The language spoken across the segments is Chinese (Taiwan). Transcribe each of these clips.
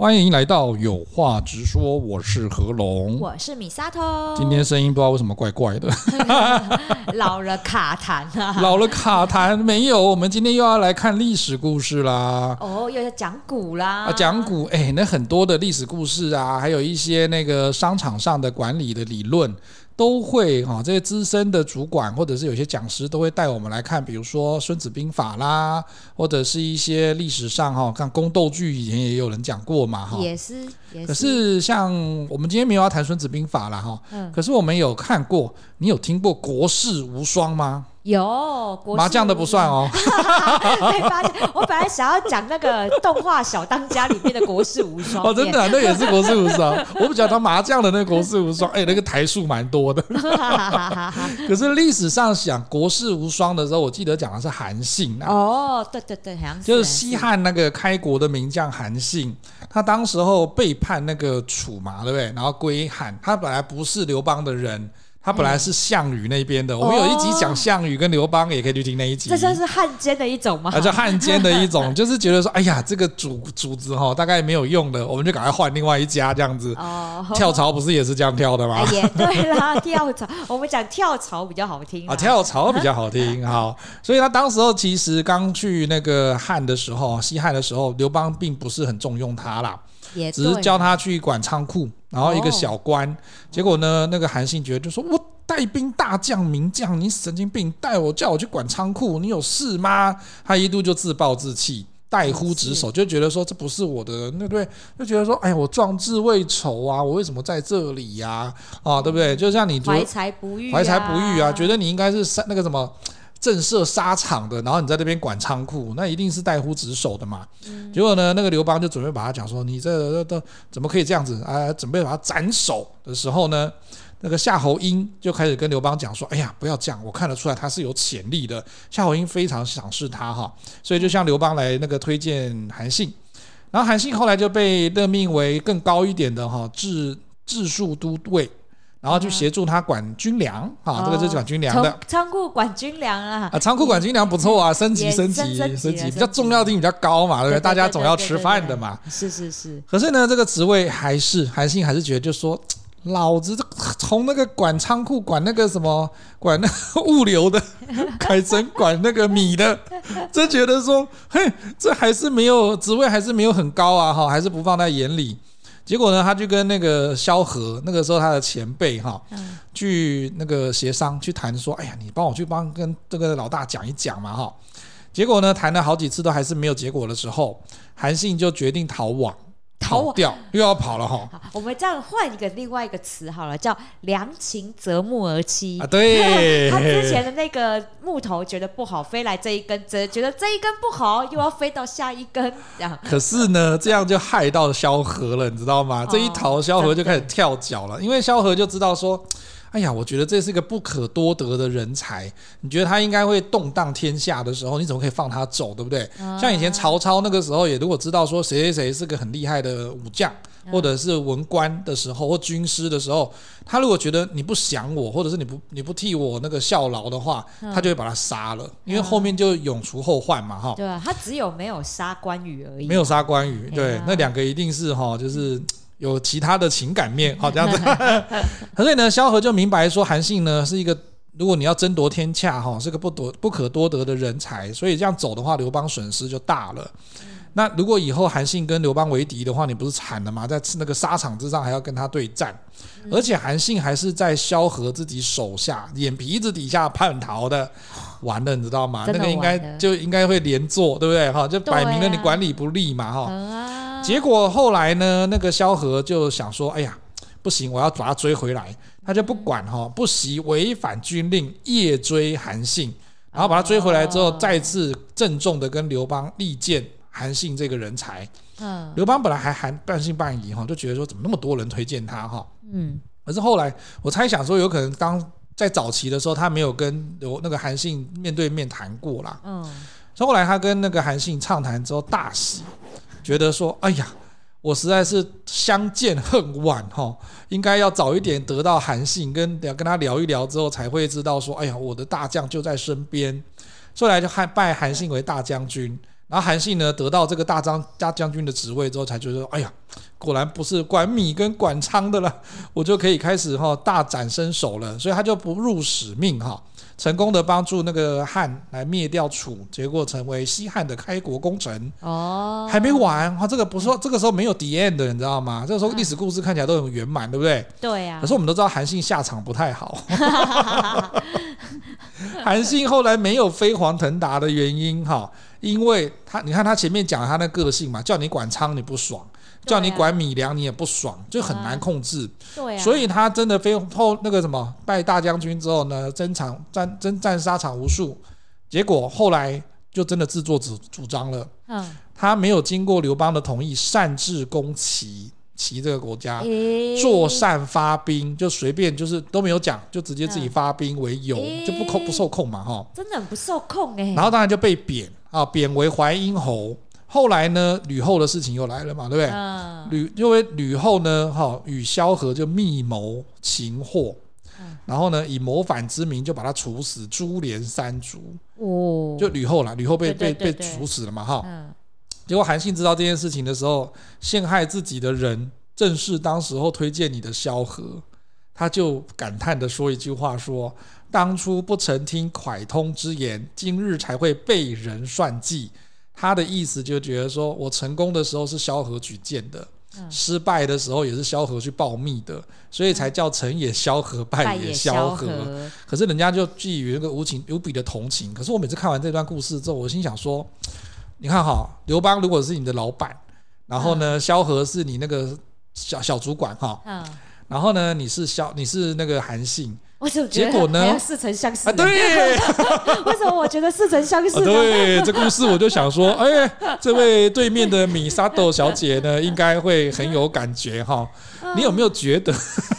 歡迎來到有話職說，我是和龍，我是米沙托。今天聲音不知道為什麼怪怪的， 老了卡痰了，老了卡痰，沒有。我們今天又要來看歷史故事啦，哦，又要講古啦，啊，講古哎、欸，那很多的歷史故事啊，還有一些那個商場上的管理的理論。都會哈，這些資深的主管或者是有些講師都會帶我們來看，比如說《孫子兵法》啦，或者是一些歷史上哈，看宮鬥劇以前也有人講過嘛哈。也是，可是像我們今天沒有要談《孫子兵法》啦。哈、嗯。可是我們有看過，你有聽過《國士無雙》嗎？有國士無雙，麻將的不算哦。 沒發現，我本來想要講那個動畫《小當家》裡面的國士無雙。哦，真的，啊，那也是國士無雙。 我不講他麻將的那個國士無雙，誒、欸、那個台數蠻多的。 可是歷史上講國士無雙的時候，我記得講的是韓信，啊。哦，對對對，韓信就是西漢那個開國的名將韓信。他當時候背叛那個楚嘛，對不對？然後歸漢。他本來不是劉邦的人。他本來是項羽那邊的，我們有一集講項羽跟劉邦，也可以去聽那一集。哦、這算是漢奸的一種嗎？啊，就漢奸的一種， 就是覺得說，哎呀，這個主主子哈，大概沒有用的，我們就趕快換另外一家這樣子。哦，跳槽不是也是這樣跳的嗎？也、哎、對啦， 跳槽，我們講跳槽比較好聽啊，跳槽比較好聽哈、嗯。所以他當時候其實剛去那個漢的時候，西漢的時候，劉邦並不是很重用他啦，只是叫他去管倉庫。然後一個小官。哦，結果呢，那個韓信覺得就說：“我帶兵大將名將，你神經病，帶我叫我去管倉庫，你有事嗎？”他一度就自暴自棄，怠忽職守，就覺得說這不是我的，對不對？就覺得說：“哎呀，我壯志未酬啊，我為什麼在這裡呀、啊？”啊，對不對？就像你懷才不遇、啊，懷才不遇啊，覺得你應該是那個什麼。震懾沙場的，然後你在那邊管倉庫，那一定是怠忽職守的嘛、嗯。結果呢，那個劉邦就準備把他講說：“你這都怎麼可以這樣子啊、呃？”準備把他斬首的時候呢，那個夏侯嬰就開始跟劉邦講說：“哎呀，不要這樣，我看得出來他是有潛力的。”夏侯嬰非常賞識他哈、哦，所以就向劉邦來那個推薦韓信。然後韓信後來就被任命為更高一點的哈、哦，治治粟都尉。然後去協助他管軍糧啊、哦，這個就是管軍糧的。倉庫管軍糧啊。啊、呃，倉庫管軍糧不錯啊，升級升級，升級，升，級升級，比較重要性比較高嘛，對不對，對，對，對，對，對，對，對，對？大家總要吃飯的嘛，對對對對對對。是是是。可是呢，這個職位還是韓信還是覺得就是說，老子這從那個管倉庫管那個什麼管那個物流的， 改成管那個米的，真覺得說，嘿，這還是沒有職位還是沒有很高啊，哈，還是不放在眼裡。結果呢，他就跟那個蕭何，那個時候他的前輩哈、哦嗯，去那個協商去談說，哎呀，你幫我去幫跟這個老大講一講嘛哈、哦。結果呢，談了好幾次都還是沒有結果的時候，韓信就決定逃亡。逃掉、哦、又要跑了哈、哦！我們這樣換一個另外一個詞好了，叫“良禽擇木而棲”。啊，對， 他之前的那個木頭覺得不好，飛來這一根，覺得這一根不好，又要飛到下一根這樣。可是呢，哦、這樣就害到蕭何了，你知道嗎？這一逃，蕭何就開始跳腳了，哦、因為蕭何就知道說。哎呀，我覺得這是一個不可多得的人才。你覺得他應該會動盪天下的時候，你怎麼可以放他走，對不對？啊、像以前曹操那個時候，也如果知道說誰誰誰是個很厲害的武將，或者是文官的時候，或軍師的時候，他如果覺得你不想我，或者是你不你不替我那個效勞的話，嗯、他就會把他殺了，啊、因為後面就永除後患嘛，哈。對啊，他只有沒有殺關羽而已，沒有殺關羽。對，啊、那兩個一定是哈，就是。嗯有其他的情感面，好，這樣子。 所以呢，蕭何就明白說，韓信呢是一個，如果你要爭奪天下，哈、哦，是個不奪不可多得的人才。所以這樣走的話，劉邦損失就大了，嗯。那如果以後韓信跟劉邦為敵的話，你不是慘了嗎？在那個沙場之上還要跟他對戰，嗯、而且韓信還是在蕭何自己手下眼皮子底下叛逃的，完了，你知道嗎？真的那個應該就應該會連坐，對不對？哈、啊，就擺明了你管理不力嘛，哈、哦。結果後來呢，那個蕭何就想說：“哎呀，不行，我要把他追回來。”他就不管哈，不惜違反軍令，夜追韓信。然後把他追回來之後，啊哦、再次鄭重的跟劉邦力薦韓信這個人才。嗯、啊，劉邦本來還還半信半疑哈，就覺得說，怎麼那麼多人推薦他哈。嗯，可是後來我猜想說，有可能剛在早期的時候，他沒有跟劉那個韓信面對面談過啦。嗯，所以後來他跟那個韓信暢談之後，大喜。覺得說，哎呀，我實在是相見恨晚哈，應該要早一點得到韓信，跟跟他聊一聊之後，才會知道說，哎呀，我的大將就在身邊。後來就拜拜韓信為大將軍，然後韓信呢，得到這個大將大將軍的職位之後，才覺得，哎呀，果然不是管米跟管倉的了，我就可以開始哈，大展身手了，所以他就不辱使命哈。成功的幫助那個漢來滅掉楚，結果成為西漢的開國功臣。哦，還沒完，他這個不是說這個時候沒有 D N 的，你知道嗎？這個時候歷史故事看起來都很圓滿，嗯，對不對？對啊。可是我們都知道韓信下場不太好。韓 信後來沒有飛黃騰達的原因哈，因為他你看他前面講他那個個性嘛，叫你管倉你不爽。叫你管米糧，你也不爽，就很難控制。啊啊、所以他真的非後那個什麼拜大將軍之後呢，征場戰征戰沙場無數，結果後來就真的自作主主張了、嗯嗯。他沒有經過劉邦的同意，擅自攻齊齊這個國家，作、欸、擅發兵，就隨便就是都沒有講，就直接自己發兵為由，嗯欸、就不控不受控嘛哈。真的很不受控、欸、然後當然就被貶啊，貶為淮陰侯。後來呢，呂後的事情又來了嘛，對不對？呂、嗯、因為呂後呢，哈，與蕭何就密謀擒獲、嗯，然後呢，以謀反之名就把他處死，株連三族。哦，就呂後啦，呂後被被被處死了嘛，哈。結果韓信知道這件事情的時候，陷害自己的人正是當時候推薦你的蕭何，他就感嘆的說一句話說：說當初不曾聽蒯通之言，今日才會被人算計。他的意思就覺得說，我成功的時候是蕭何舉薦的，嗯，失敗的時候也是蕭何去告密的，所以才叫成也蕭何，嗯，敗也蕭何。可是人家就寄予一個無情無比的同情。可是我每次看完這段故事之後，我心想說，你看哈，哦，劉邦如果是你的老闆，然後呢，嗯、蕭何是你那個小小主管哈，哦嗯，然後呢，你是蕭，你是那個韓信。結果呢？似曾相識？啊，對， 為什麼我覺得似曾相識？對，這個、故事我就想說， 哎，這位對面的 Misato 小姐呢， 應該會很有感覺哈。 你有沒有覺得，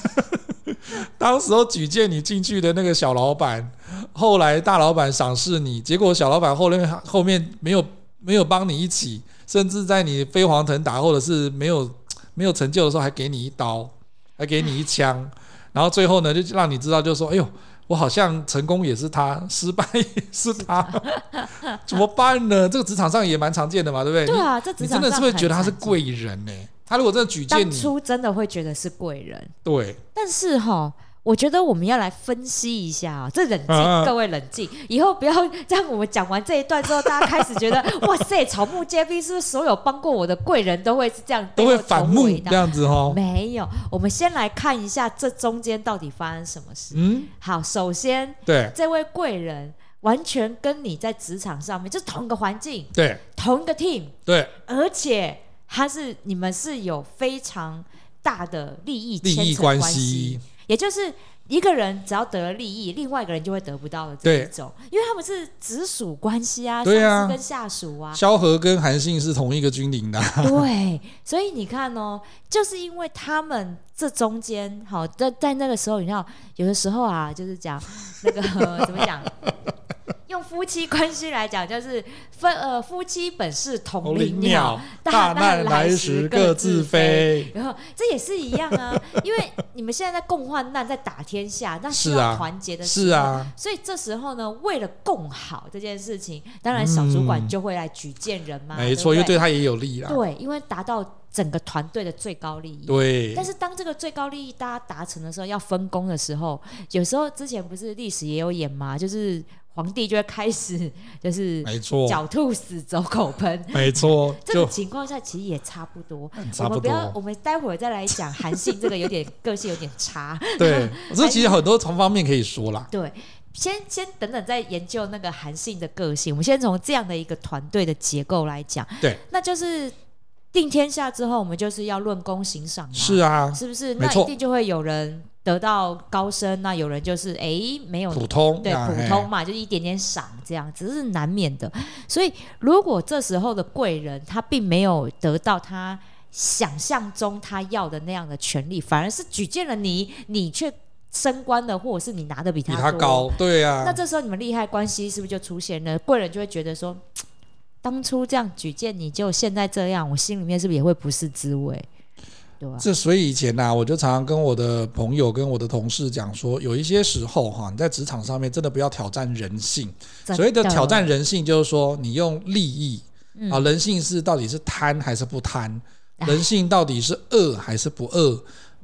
當時候舉薦你進去的那個小老闆，後來大老闆賞識你，結果小老闆後面後面沒有沒有幫你一起，甚至在你飛黃騰達或者是沒有沒有成就的時候，還給你一刀，還給你一槍。哎然後最後呢，就讓你知道，就是說，哎呦，我好像成功也是他，失敗也是他，是他怎麼辦呢？ 這個職場上也蠻常見的嘛，對不對？對啊，這職場上你真的是不是覺得他是貴人呢？人他如果真的舉薦你，當初真的會覺得是貴人。對，但是哈、哦。我覺得我們要來分析一下啊、哦，這冷靜、啊，各位冷靜，以後不要這樣我們講完這一段之後， 大家開始覺得 哇塞，草木皆兵，是不是所有幫過我的貴人都會是這樣都會反目這樣子哦，沒有，我們先來看一下這中間到底發生什麼事。嗯，好，首先對這位貴人，完全跟你在職場上面就是同一個環境，對，同一個 team，對，而且他是你們是有非常大的利益利益關係。也就是一個人只要得了利益，另外一個人就會得不到的這一種，因為他們是直屬關係啊，對啊，上司跟下屬啊。蕭何跟韓信是同一個軍營的，對， 所以你看哦，就是因為他們這中間，好，在在那個時候，你知道，有的時候啊，就是講那個 怎麼講。 用夫妻關係來講，就是夫呃夫妻本是同林鳥，大難來時各自飛。然 後這也是一樣啊，因為你們現在在共患難，在打天下，那是啊團結的是，啊，是啊。所以這時候呢，為了共好這件事情，嗯、當然小主管就會來舉薦人嘛，沒、嗯、錯，因為對對他也有利啊。對，因為達到整個團隊的最高利益。對。但是當這個最高利益大家達成的時候，要分工的時候，有時候之前不是歷史也有演嗎？就是。皇帝就會開始就，就是狡兔死，走狗烹，沒錯，這種、個、情況下其實也差不，差不多。我們不要，我們待會兒再來講韓信這個有點個性，有點差。 對，這其實很多從方面可以說啦。對，先先等等，再研究那個韓信的個性。我們先從這樣的一個團隊的結構來講，對，那就是定天下之後，我們就是要論功行賞，是啊，是不是？沒錯，那一定就會有人。得到高升，那有人就是哎、欸、沒有普通對普通嘛、啊，就一點點賞這樣，只是難免的。所以如果這時候的貴人他並沒有得到他想象中他要的那樣的權利，反而是舉薦了你，你卻升官了，或者是你拿的比他,比他高，對啊，那這時候你們利害的關係是不是就出現了？貴人就會覺得說，當初這樣舉薦你就現在這樣，我心裡面是不是也會不是滋味？啊、這所以以前呢、啊，我就常常跟我的朋友跟我的同事講說，有一些時候哈、啊，你在職場上面真的不要挑戰人性。所謂的挑戰人性，就是說你用利益、嗯、啊，人性是到底是貪還是不貪，哎、人性到底是惡還是不惡。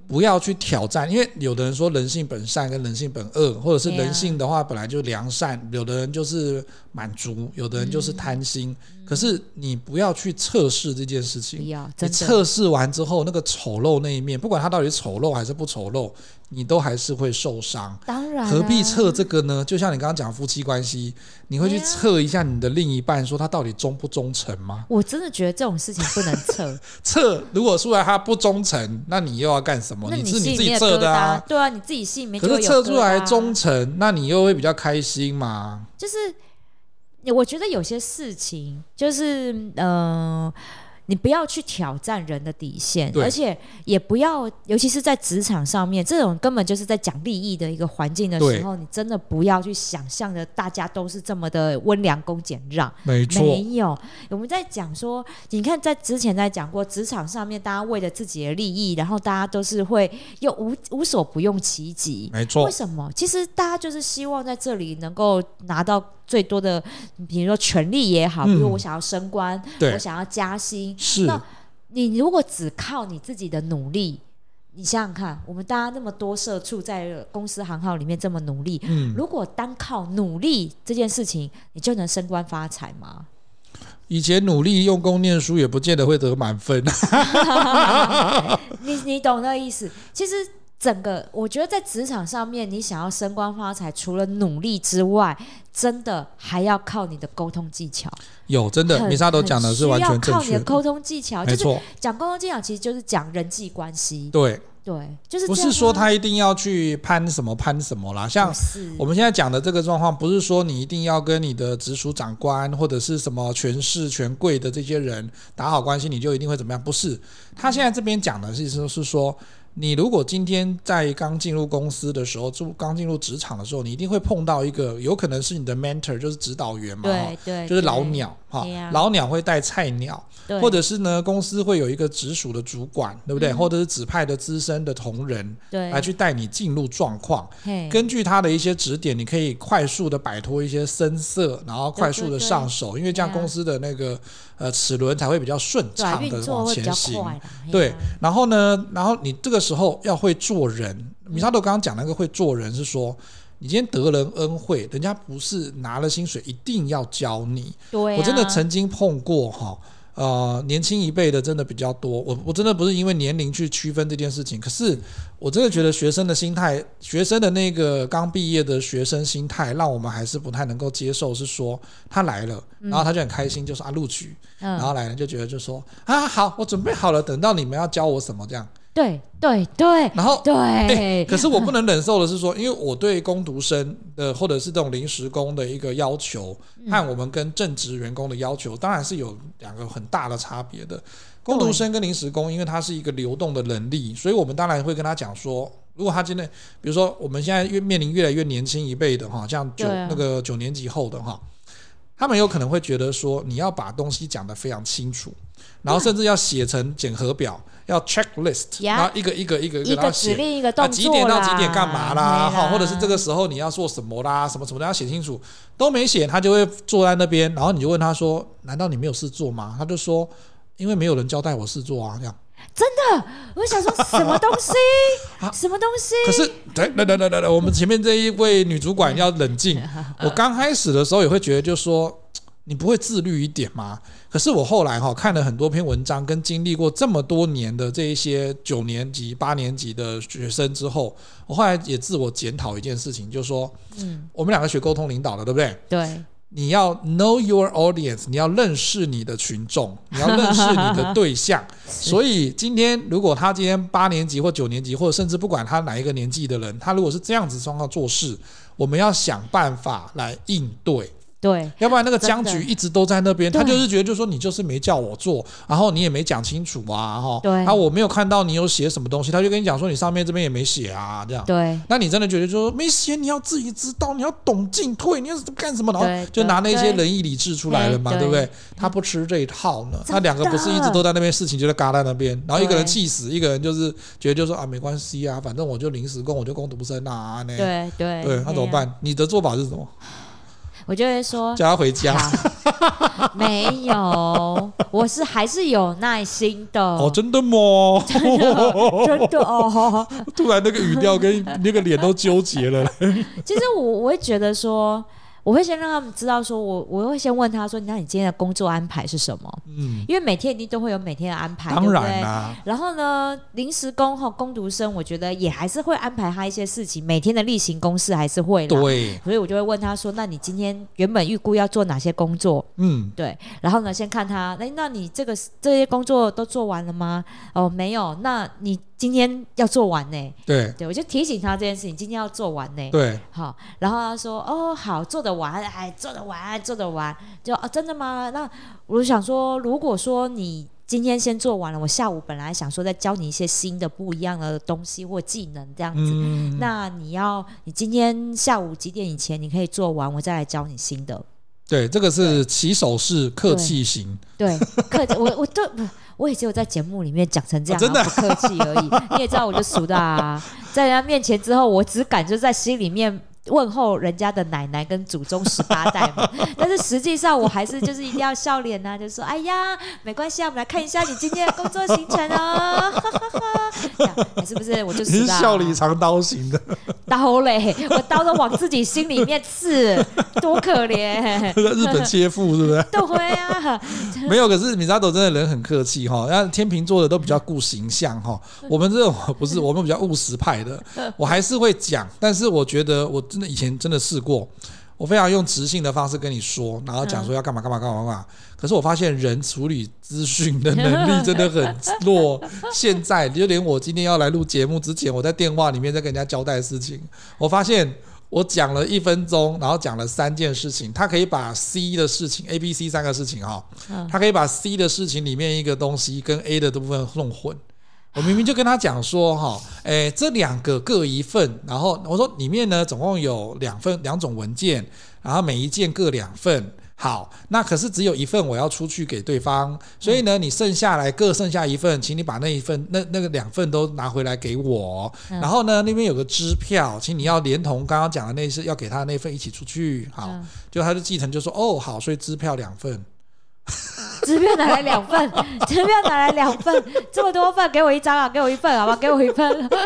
不要去挑戰，因為有的人說人性本善跟人性本惡，或者是人性的話本來就良善，yeah. 有的人就是滿足，有的人就是貪心。Mm. 可是你不要去測試這件事情，你測試完之後那個醜陋那一面，不管他到底醜陋還是不醜陋，你都還是會受傷。當然啊，何必測這個呢？就像你剛剛講夫妻關係，你會去測一下你的另一半，說他到底忠不忠誠嗎？我真的覺得這種事情不能測。測 如果出來他不忠誠，那你又要幹什麼？那你你自己測的啊，對啊，你自己心裡面。可是測出來忠誠，那你又會比較開心嘛？就是，我覺得有些事情就是，嗯、呃。你不要去挑戰人的底線，而且也不要，尤其是在職場上面，這種根本就是在講利益的一個環境的時候，你真的不要去想像著，大家都是這麼的溫良恭儉讓。沒錯。沒有，我們在講說，你看在之前在講過，職場上面大家為了自己的利益，然後大家都是會又無無所不用其極。沒錯。為什麼？其實大家就是希望在這裡能夠拿到。最多的，比如說權力也好，比如我想要升官，嗯、對，我想要加薪。是，那你如果只靠你自己的努力，你想想看，我們大家那麼多社畜在公司行號裡面這麼努力，嗯、如果單靠努力這件事情，你就能升官發財嗎？以前努力用功念書，也不見得會得滿分，啊 你。你你懂那個意思？其實。整個我覺得在職場上面，你想要升官發財，除了努力之外，真的還要靠你的溝通技巧。有真的，Misato 講的是完全正確的。靠你的溝通技巧，嗯、沒錯。就是、講溝通技巧其實就是講人際關係。對對，就是不是說他一定要去攀什麼攀什麼啦。像我們現在講的這個狀況，不是說你一定要跟你的直屬長官或者是什麼權勢權貴的這些人打好關係，你就一定會怎麼樣？不是。他現在這邊講的是說是說。你如果今天在剛進入公司的時候，就剛進入職場的時候，你一定會碰到一個，有可能是你的 mentor，就是指導員嘛，對，對，就是老鳥。哦啊、老鳥會帶菜鳥，或者是呢，公司會有一個直屬的主管，對不對，嗯？或者是指派的資深的同仁，對，來去帶你進入狀況。根據他的一些指點，你可以快速的擺脫一些生澀，然後快速的上手，對對對，因為這樣公司的那個、啊、呃齒輪才會比較順暢的往前行對對、啊。對，然後呢，然後你這個時候要會做人。Misato 剛剛講那個會做人是說。你今天得人恩惠，人家不是拿了薪水一定要教你。對、啊，我真的曾經碰過哈，呃，年輕一輩的真的比較多。我我真的不是因為年齡去區分這件事情，可是我真的覺得學生的心態，學生的那個剛畢業的學生心態，讓我們還是不太能夠接受。是說他來了，然後他就很開心，嗯、就是啊錄取，然後來了就覺得就說、嗯、啊好，我準備好了，等到你們要教我什麼這樣。對對對，然後對，可是我不能忍受的是說， 因為我對工讀生的或者是這種臨時工的一個要求、嗯，和我們跟正職員工的要求，當然是有兩個很大的差別的。工讀生跟臨時工，因為它是一個流動的人力，所以我們當然會跟他講說，如果他今天比如說我們現在越面臨越來越年輕一輩的哈，像九、啊、那個九年級後的哈，他們有可能會覺得說，你要把東西講得非常清楚，然後甚至要寫成檢核表。要 checklist，yeah, 然後一個一個一個一個寫，一個指令一個動作啦，哈、啊，幾點到幾點幹嘛啦，或者是這個時候你要做什麼啦，什麼什麼都要寫清楚，都沒寫，他就會坐在那邊，然後你就問他說：“難道你沒有事做嗎？”他就說：“因為沒有人交代我事做啊。”這樣真的，我想說什麼東西， 啊、什麼東西？可是，等，等，等， 我們前面這一位女主管要冷靜。 我剛開始的時候也會覺得，就說你不會自律一點嗎？可是我後來哈、哦、看了很多篇文章，跟經歷過這麼多年的這一些九年級、八年級的學生之後，我後來也自我檢討一件事情，就是說，嗯，我們兩個學溝通領導的，對不對？對，你要 know your audience，你要認識你的群眾，你要認識你的對象。 所以今天如果他今天八年級或九年級，或者甚至不管他哪一個年紀的人，他如果是這樣子狀況做事，我們要想辦法來應對。對，要不然那個僵局一直都在那邊，他就是覺得就說你就是沒叫我做，然後你也沒講清楚啊，哈，然後我沒有看到你有寫什麼東西，他就跟你講說你上面這邊也沒寫啊，這樣，對，那你真的覺得就說沒寫，你要自己知道，你要懂進退，你要幹什麼，然後就拿那些仁義禮智出來了嘛對對，對不對？他不吃這一套呢，他兩個不是一直都在那邊事情就在嘎在那邊，然後一個人氣死，一個人就是覺得就說啊沒關係啊，反正我就臨時工，我就工讀生啊，對對對，對，那怎麼辦？你的做法是什麼？我就會說，叫他回家。啊、 沒有，我是還是有耐心的。哦，真的嗎？真的，真的哦。突然那個語調跟那個臉都糾結了。 其實我我會覺得說。我會先讓他們知道說，說我我會先問他說：“你那你今天的工作安排是什麼？”嗯，因為每天一定都會有每天的安排，當然啦、啊。然後呢，臨時工和工讀生，我覺得也還是會安排他一些事情，每天的例行公事還是會。對，所以我就會問他說：“那你今天原本預估要做哪些工作？”嗯，對。然後呢，先看他，哎、那你這個這些工作都做完了嗎？哦，沒有，那你。今天要做完呢，對，對我就提醒他這件事情，今天要做完呢，對，好，然後他說，哦，好，做得完，哎，做得完，做得完，就啊，真的嗎？那我想說，如果說你今天先做完了，我下午本來想說再教你一些新的不一樣的東西或技能這樣子，嗯、那你要你今天下午幾點以前你可以做完，我再來教你新的。對，這個是起手式客氣型，對，客氣，我我都。 我也只有在節目裡面講成這樣，真的不客氣而已。你也知道，我就熟的啊，在人家面前之後，我只敢就在心裡面問候人家的奶奶跟祖宗十八代嘛。但是實際上，我還是就是一定要笑臉啊，就說：“哎呀，沒關係啊，我們來看一下你今天的工作行程哦。”哈哈哈哈是不是？我就是笑裡藏刀型的刀嘞？我刀都往自己心裡面刺，多可憐！日本切腹是不是？都會啊，沒有。可是 Misato 真的人很客氣哈，天秤座的都比較顧形象哈。我們這種不是，我們比較務實派的，我還是會講。但是我覺得，我真的以前真的試過。我非常用直性的方式跟你說，然後講說要幹嘛、嗯、幹嘛幹嘛幹嘛。可是我發現人處理資訊的能力真的很弱。 現在就連我今天要來錄節目之前，我在電話裡面在跟人家交代的事情，我發現我講了一分鐘，然後講了三件事情，他可以把 C 的事情、A、B、C 三個事情哈，他可以把 C 的事情裡面一個東西跟 A 的這部分弄混。我明明就跟他講說，哈，誒，這兩個各一份，然後我說裡面呢總共有兩份兩種文件，然後每一件各兩份，好，那可是只有一份我要出去給對方，嗯、所以呢你剩下來各剩下一份，請你把那一份那那個兩份都拿回來給我，嗯、然後呢那邊有個支票，請你要連同剛剛講的那些要給他的那份一起出去，好，嗯、就他就繼承就說，哦好，所以支票兩份。支票拿來兩份，支 票拿來兩份， 這麼多份，給我一張啊，給我一份，好不好？給我一份，啊。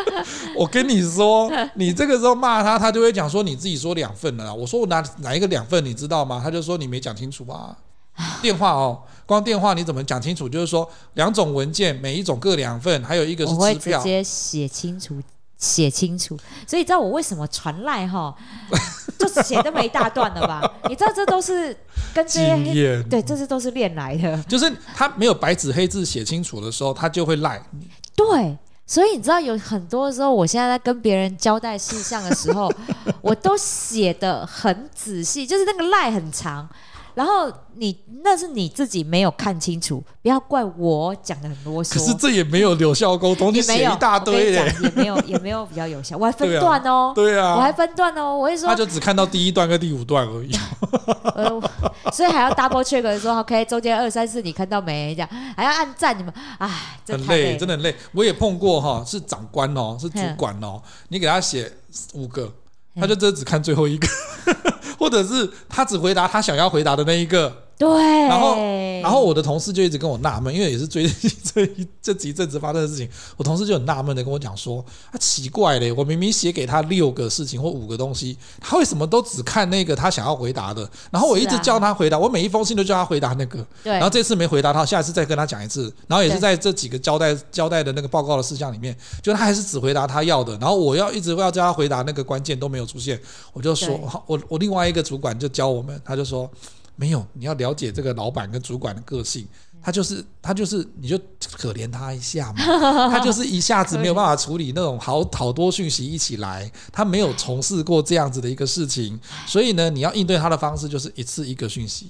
我跟你說， 你這個時候罵他，他就會講說你自己說兩份了啦。我說我拿哪，哪一個兩份，你知道嗎？他就說你沒講清楚吧。 電話哦，光電話你怎麼講清楚？就是說兩種文件，每一種各兩份，還有一個是支票。我會直接寫清楚，寫清楚。所以知道我為什麼傳賴哈？ 就寫那麼一大段了吧？你知道這都是跟這些黑對，這些都是練來的。就是他沒有白紙黑字寫清楚的時候，他就會賴你 對，所以你知道有很多時候，我現在在跟別人交代事項的時候，我都寫得很仔細，就是那個賴很長。然後你那是你自己沒有看清楚，不要怪我講的很囉嗦。可是這也沒有有效溝通，你寫一大堆的，欸、也沒有也沒有比較有效。我還分段斷哦，對、啊，對啊，我還分段哦，我會說他就只看到第一段跟第五段而已。呃、所以還要 double check 說 OK，中間二三四你看到沒？這樣還要按讚你們，哎，很累，真的很累。我也碰過哈，是長官哦，是主管哦，嗯、你給他寫五個，他就這只看最後一個。嗯 或者是他只回答他想要回答的那一個。對，然後然後我的同事就一直跟我納悶，因為也是最近這一這幾陣子發生的事情，我同事就很納悶的跟我講說啊，奇怪嘞，我明明寫給他六個事情或五個東西，他為什麼都只看那個他想要回答的？然後我一直叫他回答，啊、我每一封信都叫他回答那個，然後這次沒回答他，他下一次再跟他講一次，然後也是在這幾個交代交代的那個報告的事項裡面，就他還是只回答他要的，然後我要一直要叫他回答那個關鍵都沒有出現，我就說，我我另外一個主管就教我們，他就說。沒有，你要了解這個老闆跟主管的個性，他就是他就是，你就可憐他一下嘛，他就是一下子沒有辦法處理那種好好多訊息一起來，他沒有從事過這樣子的一個事情，所以呢，你要應對他的方式就是一次一個訊息。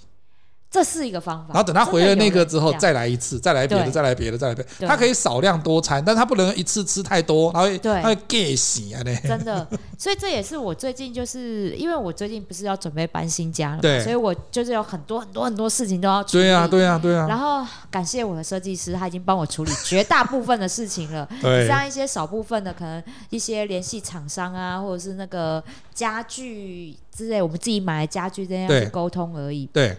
這是一個方法，然後等他回了那個之後，再來一次，再來別的，的，再來別的，再來別。他可以少量多餐，但他不能一次吃太多，然後對，他會他會噎死啊！嘞，真的，所以這也是我最近就是因為我最近不是要準備搬新家了嘛，對，所以我就是有很多很多很多事情都要處理，對啊對啊對啊。然後感謝我的設計師，他已經幫我處理絕大部分的事情了，對，像一些少部分的可能一些聯繫廠商啊，或者是那個家具之類，我們自己買的家具這樣去溝通而已，對。對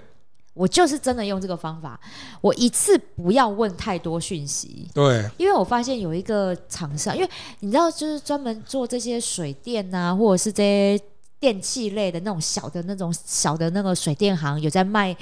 我就是真的用這個方法，我一次不要問太多訊息。對，因為我發現有一個廠商，因為你知道，就是專門做這些水電啊，或者是這些電器類的那種小的那種小的那個水電行，有在賣。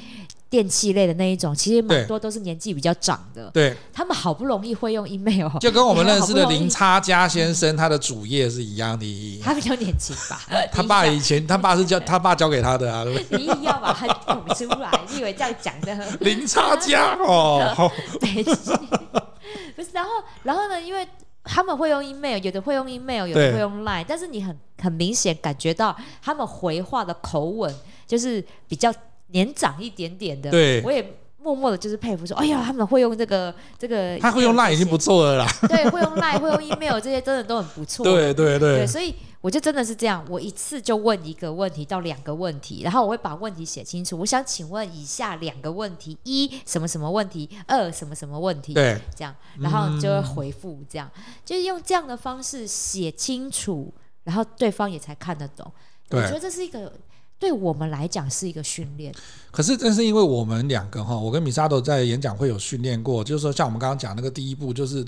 電器類的那一種，其實蠻多都是年紀比較長的。對，他們好不容易會用 email，就跟我們認識的林差家先生 他的主頁是一樣的。他比較年輕吧？ 他爸以前， 他爸是教 他爸教給他的啊。 你也要把它吐出來，你 以為這樣講的？林差家哦，沒 不是，然後，然後呢？因為他們會用 email，有的會用 email，有的會用 line，但是你很很明顯感覺到他們回話的口吻就是比較。年長一點點的，對我也默默的，就是佩服，說：“哎呀，他們會用這個這個，他會用 LINE 已經不錯了啦。”對，會用 LINE、 會用 email 這些，真的都很不錯。對對對，對。所以我就真的是這樣，我一次就問一個問題到兩個問題，然後我會把問題寫清楚。我想請問以下兩個問題：一什麼什麼問題，二什麼什麼問題。對，這樣，然後你就會回復，這樣、嗯、就是用這樣的方式寫清楚，然後對方也才看得懂。對，我覺得這是一個。對我們來講是一個訓練。可是正是因為我們兩個哈，我跟米薩德在演講會有訓練過，就是說像我們剛剛講那個第一步，就是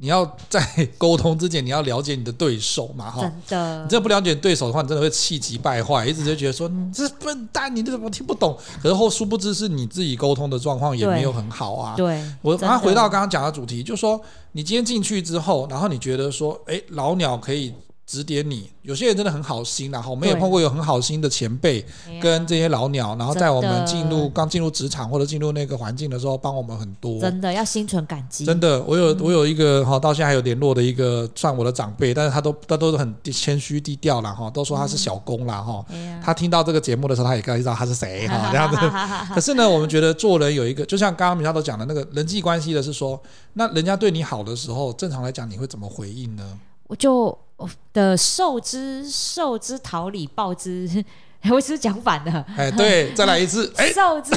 你要在溝通之前你要了解你的對手嘛哈。真的。你這不了解對手的話，你真的會氣急敗壞，一直就覺得說、嗯、這笨蛋，你怎麼聽不懂？然後殊不知是你自己溝通的狀況也沒有很好啊。對。我然後回到剛剛講的主題，就是說你今天進去之後，然後你覺得說，哎，老鳥可以。指點你，有些人真的很好心啦，然後我們也碰過有很好心的前輩跟這些老鳥，啊、然後在我們進入剛進入職場或者進入那個環境的時候，幫我們很多。真的要心存感激。真的，我有、嗯、我有一個哈，到現在還有聯絡的一個，算我的長輩，但是他都他都是很謙虛低調啦。哈，都說他是小工啦。哈、嗯哦啊。他聽到這個節目的時候，他也該知道他是誰哈，哈，這樣子。可是呢，我們覺得做人有一個，就像剛剛 Misato 講的那個人際關係的是說，那人家對你好的時候，正常來講你會怎麼回應呢？我就。的受之受之桃李，報之。我是不是講反了？哎，對，再來一次。受哎，授之。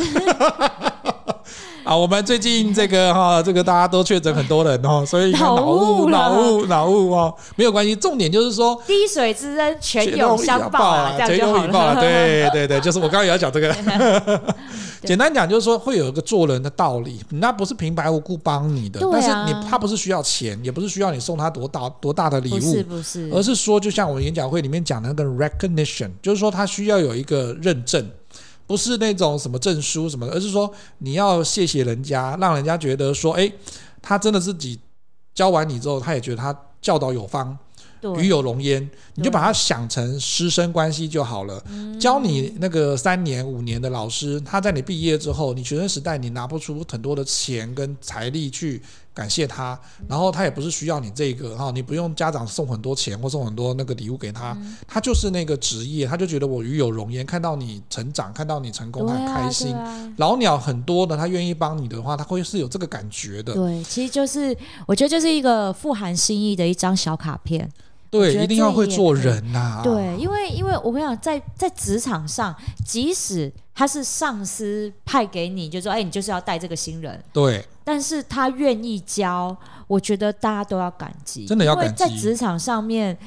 啊，我們最近這個哈、哦，這個大家都確診很多人哦， 所以腦霧腦霧腦霧哦，沒有關係。重點就是說，滴水之恩，泉湧相報，水湧相報，報，對對對，就是我剛剛也要講這個。 簡單講就是說，會有一個做人的道理，那不是平白無故幫你的，啊、但是你他不是需要錢，也不是需要你送他多大多大的禮物，不是，不是，而是說，就像我們演講會裡面講的那個 recognition，就是說他需要有一個認證。不是那種什麼證書什麼的，而是說你要謝謝人家，讓人家覺得說，哎，他真的自己教完你之後，他也覺得他教導有方，對，與有榮焉，你就把他想成師生關係就好了。教你那個三年五年的老師，嗯、他在你畢業之後，你學生時代你拿不出很多的錢跟財力去。感謝他，然後他也不是需要你這個哈，你不用家長送很多錢或送很多那個禮物給他，他就是那個職業，他就覺得我與有榮焉，看到你成長，看到你成功，他很開心、啊啊。老鳥很多的，他願意幫你的話，他會是有這個感覺的。對，其實就是我覺得就是一個富含心意的一張小卡片。對，一定要會做人吶、啊。對，因為因為我跟你講，在在職場上，即使。他是上司派給你，就是、說：“哎、欸，你就是要帶這個新人。”對，但是他願意教，我覺得大家都要感激，真的要感激，因為在職場上面，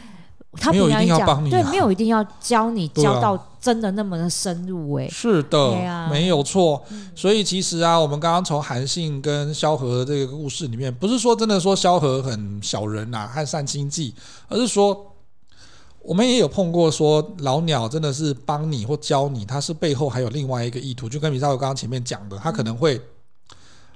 他沒有一定要幫你、啊，對，沒有一定要教你教到真的那麼的深入、欸。哎、啊，是的，yeah、沒有錯。所以其實啊，我們剛剛從韓信跟蕭何這個故事裡面，不是說真的說蕭何很小人啊，很善經濟，而是說。我們也有碰過說老鳥真的是幫你或教你，他是背後還有另外一個意圖，就跟比如說我剛剛前面講的，他可能會，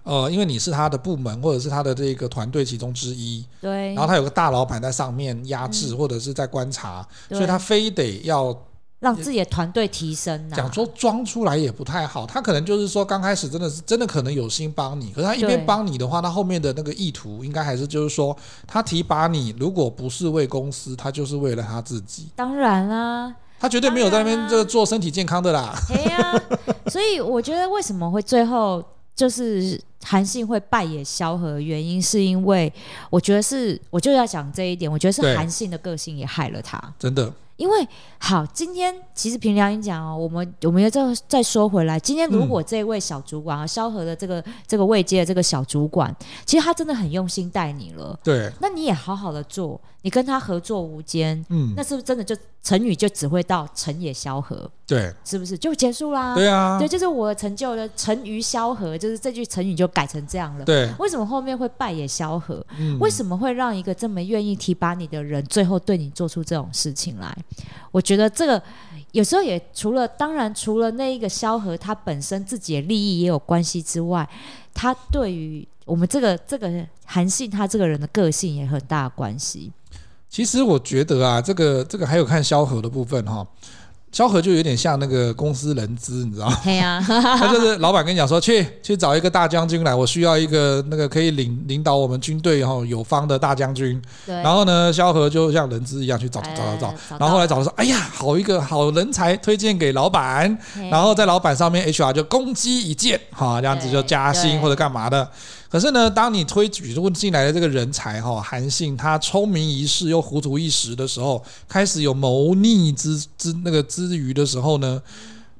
呃，因為你是他的部門或者是他的這個團隊其中之一，對，然後他有個大老板在上面壓制或者是在觀察，嗯，所以他非得要。讓自己的團隊提升呢、啊？講說裝出來也不太好，他可能就是說剛開始真的是真的可能有心幫你，可是他一邊幫你的話，那後面的那個意圖應該還是就是說他提拔你，如果不是為公司，他就是為了他自己。當然啦、啊，他絕對沒有在那邊這個做身體健康的啦、啊。呀 啊，所以我覺得為什麼會最後就是韓信會敗也蕭何，原因是因為我覺得是我就要講這一點，我覺得是韓信的個性也害了他。真的。因為好，今天其實憑良心講哦，我們我們要再再說回來，今天如果這位小主管啊、嗯，蕭何的這個這個位階的這個小主管，其實他真的很用心待你了，對，那你也好好的做，你跟他合作無間，嗯，那是不是真的就成語就只會到成也蕭何？對，是不是就結束啦？對啊，對，就是我成就了“成也蕭何”，就是這句成語就改成這樣了。對，為什麼後面會敗也蕭何、嗯？為什麼會讓一個這麼願意提拔你的人，最後對你做出這種事情來？我覺得這個有時候也除了，當然除了那一個蕭何他本身自己的利益也有關係之外，他對於我們這個這個韓信他這個人的個性也很大的關係。其實我覺得啊，這個這個還有看蕭何的部分哈、哦。蕭何就有點像那個公司人資，你知道嗎？對呀、啊， 他就是老板跟你講說，去去找一個大將軍來，我需要一個那個可以領領導我們軍隊哈、哦、有方的大將軍。然後呢，蕭何就像人資一樣去找找找找，欸、找然後後來找他說，哎呀，好一個好人才，推薦給老板。啊、然後在老板上面，HR 就功績一件哈、哦，這樣子就加薪或者幹嘛的。對對可是呢，當你推舉入進來的這個人才哈，韓信他聰明一世又糊塗一時的時候，開始有謀逆之之那個之餘的時候呢？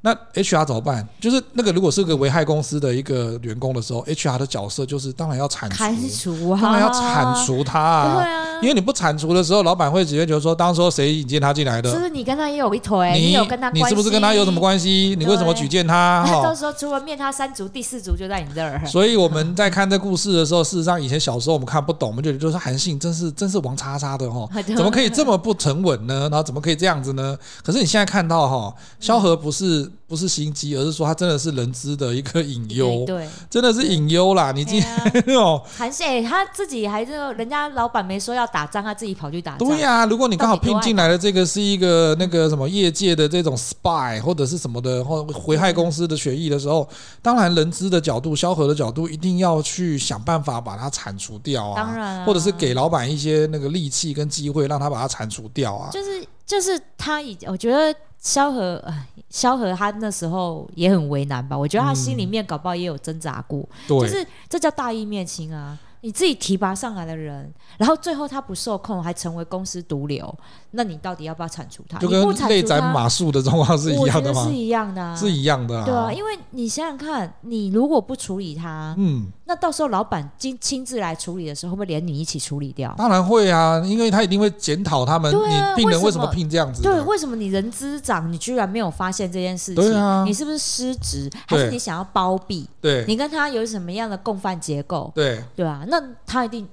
那 HR 怎麼辦？就是那個如果是個危害公司的一個員工的時候，HR 的角色就是當然要鏟除，當然要鏟除他、啊啊。對啊，因為你不鏟除的時候，老板會直接覺得說當時候誰引薦他進來的？就是你跟他也有一腿，你,你有跟他，你是不是跟他有什麼關係？你為什麼舉薦他？到都說除了滅他三族，第四族就在你這兒。所以我們在看這故事的時候，事實上以前小時候我們看不懂，我們覺得就是韓信真是真是王叉叉的哈，怎麼可以這麼不沉穩呢？然後怎麼可以這樣子呢？可是你現在看到哈，蕭何不是。不是心機，而是說他真的是人資的一個隱憂，okay, 對，真的是隱憂啦。你今天哦，韓、yeah. 信、 欸，他自己還是人家老板沒說要打仗，他自己跑去打仗。對呀、啊，如果你剛好聘進來的這個是一個那個什麼業界的這種 spy 或者是什麼的，或危害公司的權益的時候，當然人資的角度、蕭何的角度一定要去想辦法把它鏟除掉啊，當然、啊，或者是給老板一些那個利器跟機會，讓他把它鏟除掉啊，就是。就是他已經，我覺得蕭何、呃，蕭何他那時候也很為難吧？我覺得他心裡面搞不好也有掙扎過。嗯、對，就是這叫大義滅親啊！你自己提拔上來的人，然後最後他不受控，還成為公司毒瘤，那你到底要不要鏟除他？就跟內斬馬謖的狀況是一樣的嗎？是一樣的、啊，是一樣的、啊。對、啊，因為你想想看，你如果不處理他，嗯。那到時候老板親親自來處理的時候，會不會連你一起處理掉？當然會啊，因為他一定會檢討他們、啊，你病人為什麼聘這樣子？對，為什麼你人資長你居然沒有發現這件事情？啊、你是不是失職？還是你想要包庇？對，你跟他有什麼樣的共犯結構？對，對吧、啊？那他一定。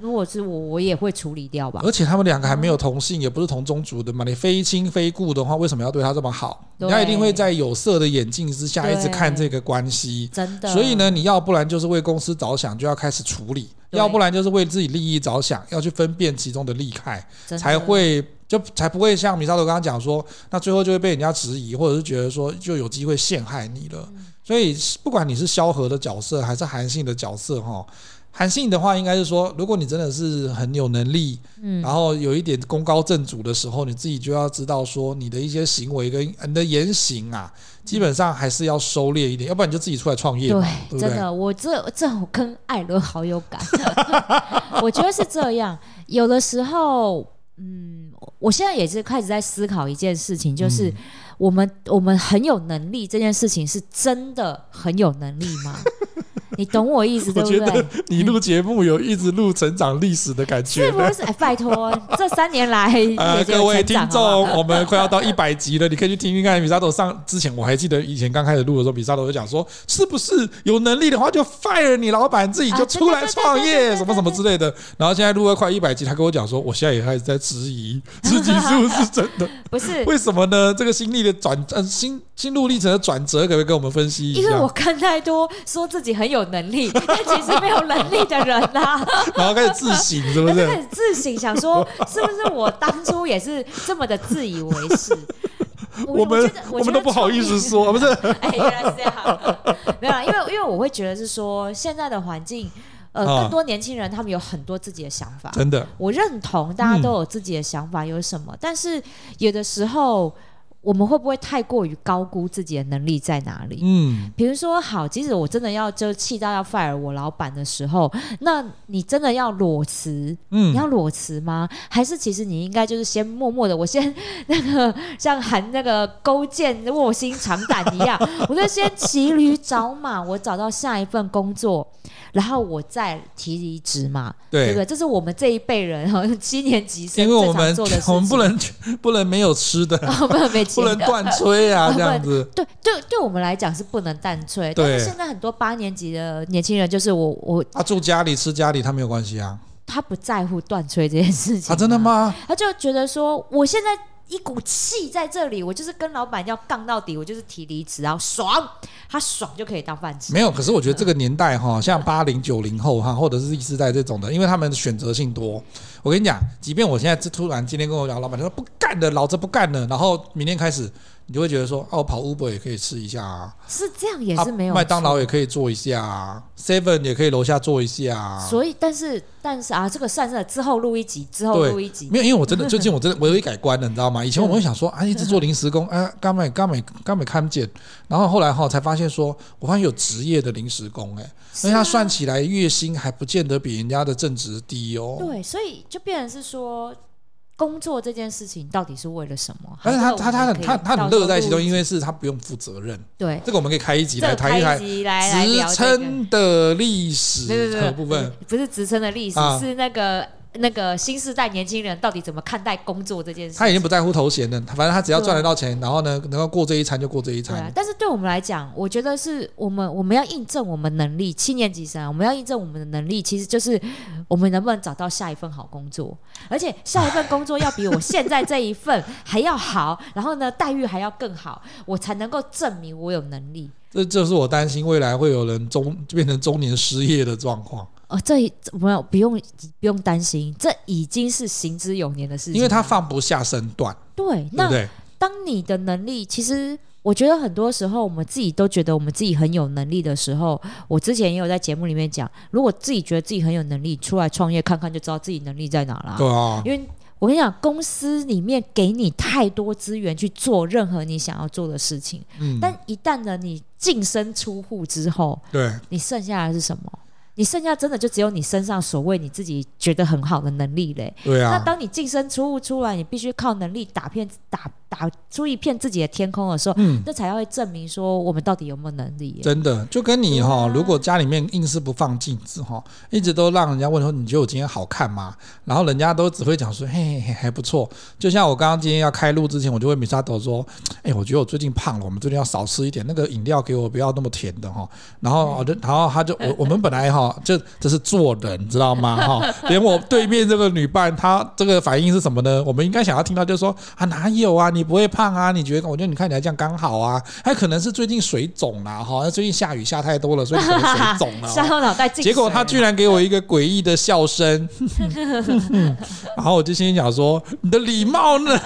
如果是我，我也會處理掉吧。而且他們兩個還沒有同姓、嗯，也不是同宗族的嘛。你非親非故的話，為什麼要對他這麼好？人家一定會在有色的眼鏡之下一直看這個關係。真的。所以呢，你要不然就是為公司着想，就要開始處理；要不然就是為自己利益着想，要去分辨其中的利害，才會就才不會像 Misato 剛剛講說，那最後就會被人家質疑，或者是覺得說就有機會陷害你了。嗯、所以不管你是蕭何的，的角色，還是韓信的角色，哈。韓信的話應該是說，如果你真的是很有能力，嗯、然後有一點功高震主的時候，你自己就要知道說，你的一些行為跟你的言行啊，基本上還是要收斂一點，嗯，要不然你就自己出來創業了。對，對，對，真的，我這這我跟艾倫好有感， 我覺得是這樣。有的時候，嗯，我現在也是開始在思考一件事情，就是我們、嗯、我們很有能力這件事情是真的很有能力嗎？ 你懂我意思對不對， 我覺得你錄節目有一直錄成長歷史的感覺。是不是？拜託，這三年來，呃，各位聽眾，我們快要到一百集了，你可以去聽聽看。Misato 上之前，我還記得以前剛開始錄的時候，Misato 就講說，是不是有能力的話就 fire 你老闆，自己就出來創業，什麼什麼之類的。然後現在錄了快一百集，他跟我講說，我現在也開始在質疑自己是不是，是不是真的？不是為什麼呢？這個心力的轉，呃，心心路歷程的轉折，可不可以跟我們分析一下？因為我看太多說自己很有。能力，但其實沒有能力的人吶、啊， 然後開始自省，是不是？是開始自省，想說是不是我當初也是這麼的自以為是？ 我們我,我,我們都不好意思說，不是？是哎，原來是這樣， 沒有，因為因為我會覺得是說現在的環境，呃，啊、更多年輕人他們有很多自己的想法，真的，我認同大家都有自己的想法，有什麼、嗯？但是有的時候。我們會不會太過於高估自己的能力在哪裡？嗯，比如說好，即使我真的要就氣到要 fire 我老闆的時候，那你真的要裸辭？嗯，你要裸辭嗎？還是其實你應該就是先默默的，我先那個像韓那個勾踐臥薪嘗膽一樣，我就先騎驢找馬， 我找到下一份工作，然後我再提離職嘛？對，對不對？這是我們這一輩人哈，七年級生最常做的事情，因為我們我們不能不能沒有吃的，不能沒。不能斷炊啊，這樣子。 對對，對我們來講是不能斷炊，對，但是現在很多八年級的年輕人，就是我我他住家裡吃家裡，他沒有關係啊。他不在乎斷炊這件事情。他、啊、真的嗎？他就覺得說，我現在。一股氣在這裡，我就是跟老闆要槓到底，我就是提離職，然後爽，他爽就可以當飯吃。沒有，可是我覺得這個年代哈，呵呵像八零九零後哈，或者是新世代這種的，因為他們選擇性多。我跟你講，即便我現在是突然今天跟我講，老闆說不幹了，老子不幹了，然後明天開始。你就會覺得說，哦、啊，跑 Uber 也可以試一下、啊，是這樣也是沒有。麥、啊、當勞也可以做一下，Seven、啊、也可以樓下做一下、啊。所以，但是，但是啊，這個算了，之後錄一集，之後錄一集。沒有，因為我真的 最近，我真的我有一改觀了，你知道嗎？以前我會想說，啊，一直做臨時工， 啊，剛沒剛沒剛沒看不見，然後後來哈、哦、才發現說，我發現有職業的臨時工、欸，哎、啊，所以他算起來月薪還不見得比人家的正職低哦。對，所以就變成是說。工作這件事情到底是為了什麼？但是他他他他他,他很樂在其中，因為是他不用負責任。對，這個我們可以開一集來談一談職稱的歷史的部分，這個、的的部分不是職稱的歷史、啊，是那個。那個新時代年輕人到底怎麼看待工作這件事情？他已經不在乎頭銜了，反正他只要賺得到錢，然後呢，能夠過這一餐就過這一餐。啊、但是對我們來講，我覺得是我們我們要印證我們能力。七年級生、啊，我們要印證我們的能力，其實就是我們能不能找到下一份好工作，而且下一份工作要比我現在這一份還要好， 然後呢，待遇還要更好，我才能夠證明我有能力。這就是我擔心未來會有人中變成中年失業的狀況。哦，這，這沒有不用不用擔心，這已經是行之有年的事情。因為他放不下身段。對，那對對當你的能力，其實我覺得很多時候我們自己都覺得我們自己很有能力的時候，我之前也有在節目裡面講，如果自己覺得自己很有能力，出來創業看看就知道自己能力在哪了。對啊、哦，因為我跟你講，公司裡面給你太多資源去做任何你想要做的事情，嗯，但一旦呢你淨身出戶之後，對，你剩下的是什麼？你剩下真的就只有你身上所謂你自己覺得很好的能力嘞、欸。對啊。那當你淨身出戶出來，你必須靠能力打片打打出一片自己的天空的時候、嗯，那才會證明說我們到底有沒有能力、欸。真的，就跟你哈、哦啊，如果家裡面硬是不放鏡子哈，一直都讓人家問說你覺得我今天好看嗎？然後人家都只會講說嘿嘿嘿，還不錯。就像我剛剛今天要開錄之前，我就問 Misato 說，哎、欸，我覺得我最近胖了，我們最近要少吃一點，那個飲料給我不要那麼甜的哈。然後我就、嗯，然後他就我、嗯、我們本來哈、哦。就這是做人，知道嗎？哈，連我對面這個女伴，她這個反應是什麼呢？我們應該想要聽到，就是說啊，哪有啊，你不會胖啊？你覺得？我覺得你看起來這樣剛好啊。她可能是最近水腫了，哈，最近下雨下太多了，所以可能水腫了、啊。然後腦袋結果她居然給我一個詭異的笑聲、 嗯嗯，然後我就心裡想說，你的禮貌呢？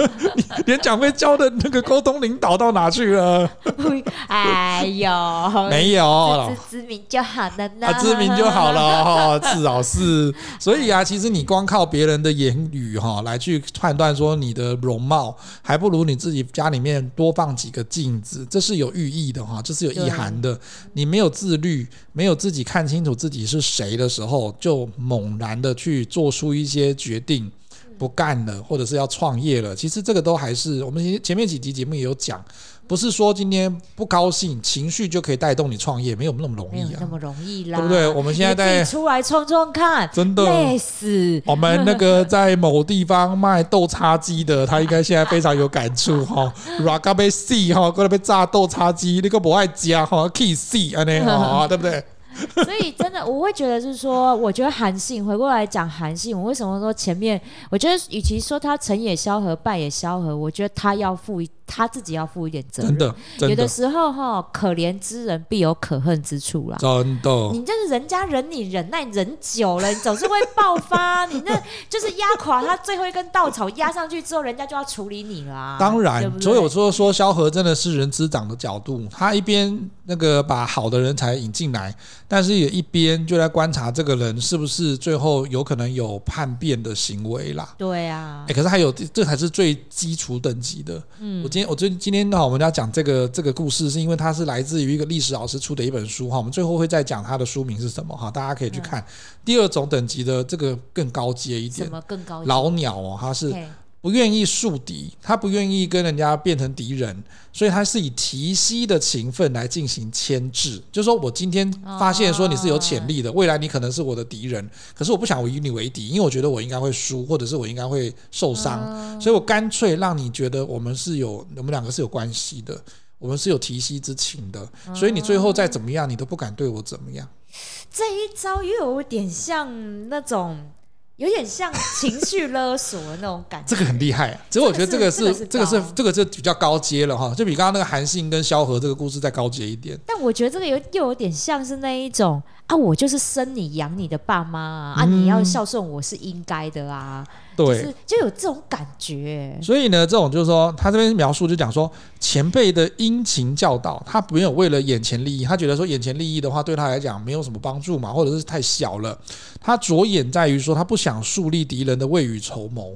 連講會，教的那個溝通領導到哪去了？ 哎呦，沒有自知之明就好了呢。啊知名就好了哈，至少是。所以啊，其實你光靠別人的言語哈、哦、來去判斷說你的容貌，還不如你自己家裡面多放幾個鏡子，這是有寓意的哈，這是有意涵的。你沒有自律，沒有自己看清楚自己是誰的時候，就猛然的去做出一些決定，不幹了，或者是要創業了。其實這個都還是我們前面幾集節目也有講。不是說今天不高興，情緒就可以帶動你創業，沒有那麼容易啊，沒有那麼容易啦，對不對？我們現在，在自己出來衝衝看，真的，累死。我們那個在某地方賣豆叉機的， 他應該現在非常有感觸哈。Raga 被 C 哈，過來被炸豆叉機，那個不愛加哈，可以 C 啊，那哈，哦、 對不對？所以真的，我會覺得是說， 我覺得韓信回過來講韓信，我為什麼說前面，我覺得與其說他成也蕭何，敗也蕭何，我覺得他要付一。他自己要負一點責任，真的，真的有的時候哈，可憐之人必有可恨之處啦。真的，你就是人家忍你忍耐你忍久了，你總是會爆發。 你那就是壓垮他最後一根稻草，壓上去之後，人家就要處理你啦。當然，所以有時候說蕭何真的是人之長的角度，他一邊那個把好的人才引進來，但是也一邊就在觀察這個人是不是最後有可能有叛變的行為啦。對啊。哎、欸，可是還有這才是最基礎等級的，嗯，我今。我覺得今天的話，我們要講這個這個故事，是因為它是來自於一個歷史老師出的一本書哈。我們最後會再講它的書名是什麼哈，大家可以去看。嗯、第二種等級的這個更高階一點，什麼更高階老鳥哦，它是。不願意樹敵，他不願意跟人家變成敵人，所以他是以提攜的情分來進行牽制。就是說我今天發現說你是有潛力的，哦、未來你可能是我的敵人，可是我不想我與你為敵，因為我覺得我應該會輸，或者是我應該會受傷，嗯、所以我乾脆讓你覺得我們是有我們兩個是有關係的，我們是有提攜之情的，所以你最後再怎麼樣，你都不敢對我怎麼樣。這一招又有點像那種。有點像情緒勒索的那種感覺， 這個很厲害啊。所以我覺得這個是，這個是，這個是，這個是，這個是，這個是比較高階了哈，就比剛剛那個韓信跟蕭何這個故事再高階一點。 但我覺得這個有又有點像是那一種。啊，我就是生你養你的爸媽啊！嗯、啊，你要孝順我是應該的啊！對，就是就有這種感覺、欸。所以呢，這種就是說，他這邊描述就講說，前輩的殷勤教導，他沒有為了眼前利益，他覺得說眼前利益的話對他來講沒有什麼幫助嘛，或者是太小了。他着眼在於說，他不想樹立敵人的未雨綢繆。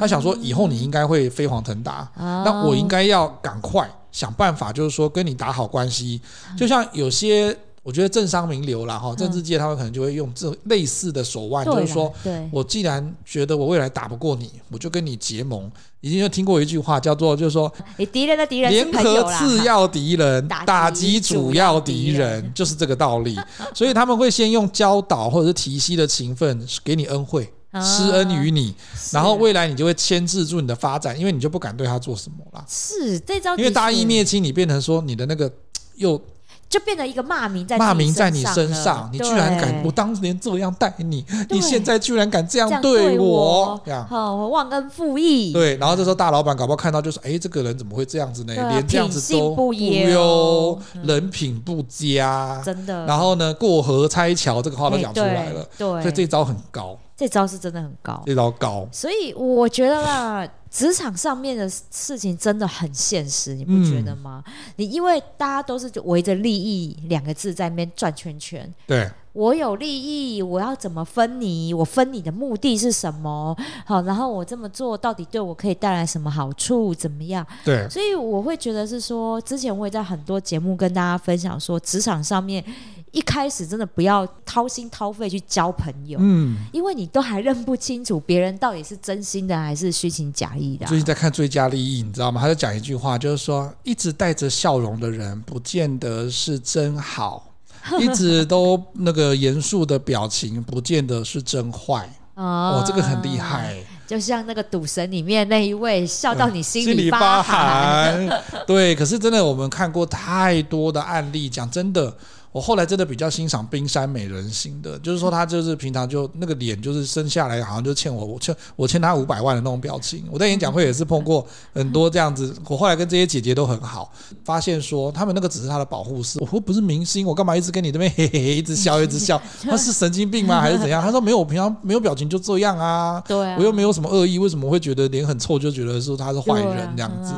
他想說，以後你應該會飛黃騰達、嗯，那我應該要趕快想辦法，就是說跟你打好關係、嗯。就像有些。我覺得政商名流了哈，政治界他們可能就會用這類似的手腕，就是說我既然覺得我未來打不過你，我就跟你結盟。已經有聽過一句話叫做，就是說，敵人的敵人聯合次要敵人，打擊主要敵人，敵人 就是這個道理。所以他們會先用教導，或者是提攜的情分，給你恩惠，施恩於你、啊，然後未來你就會牽制住你的發展，因為你就不敢對他做什麼了。是這招，因為大義滅親，你變成說你的那個又。就變成一個罵名在罵名在你身上，你身上，你居然敢！我當年這樣待你，你現在居然敢這樣對我，這樣，這樣我好我忘恩負義。對，然後這時候大老板搞不好看到，就說：“哎、欸，這個人怎麼會這樣子呢？啊、連這樣子都不優、嗯，人品不佳。”真的。然後呢，過河拆橋這個話都講出來了，對對，所以這一招很高。這招是真的很高，這招高，所以我覺得啦，職場上面的事情真的很現實，你不覺得嗎？你因為大家都是圍着利益兩個字在那邊轉圈圈，對我有利益，我要怎麼分你？我分你的目的是什麼？好，然後我這麼做到底對我可以帶來什麼好處？怎麼樣？對，所以我會覺得是說，之前我也在很多節目跟大家分享說，職場上面。一開始真的不要掏心掏肺去交朋友，嗯，因為你都還認不清楚別人到底是真心的還是虛情假意的啊。最近在看《最佳利益》，你知道嗎？他在講一句話，就是說，一直帶着笑容的人不見得是真好， 一直都那個嚴肅的表情不見得是真壞。 哦，這個很厲害。就像那個《賭神》裡面那一位，笑到你心裡發寒。嗯，心裡發寒 對，可是真的，我們看過太多的案例。講真的。我後來真的比較欣賞冰山美人型的，就是說她就是平常就那個臉就是生下來好像就欠我，我欠我欠她五百萬的那種表情。我在演講會也是碰過很多這樣子，我後來跟這些姐姐都很好，發現說他們那個只是她的保護色。我不是明星，我幹嘛一直跟你這邊嘿嘿嘿一直笑一直笑？他是神經病嗎？還是怎樣？他說沒有，我平常沒有表情就這樣啊。對，我又沒有什麼惡意，為什麼會覺得臉很臭就覺得說他是壞人這樣子。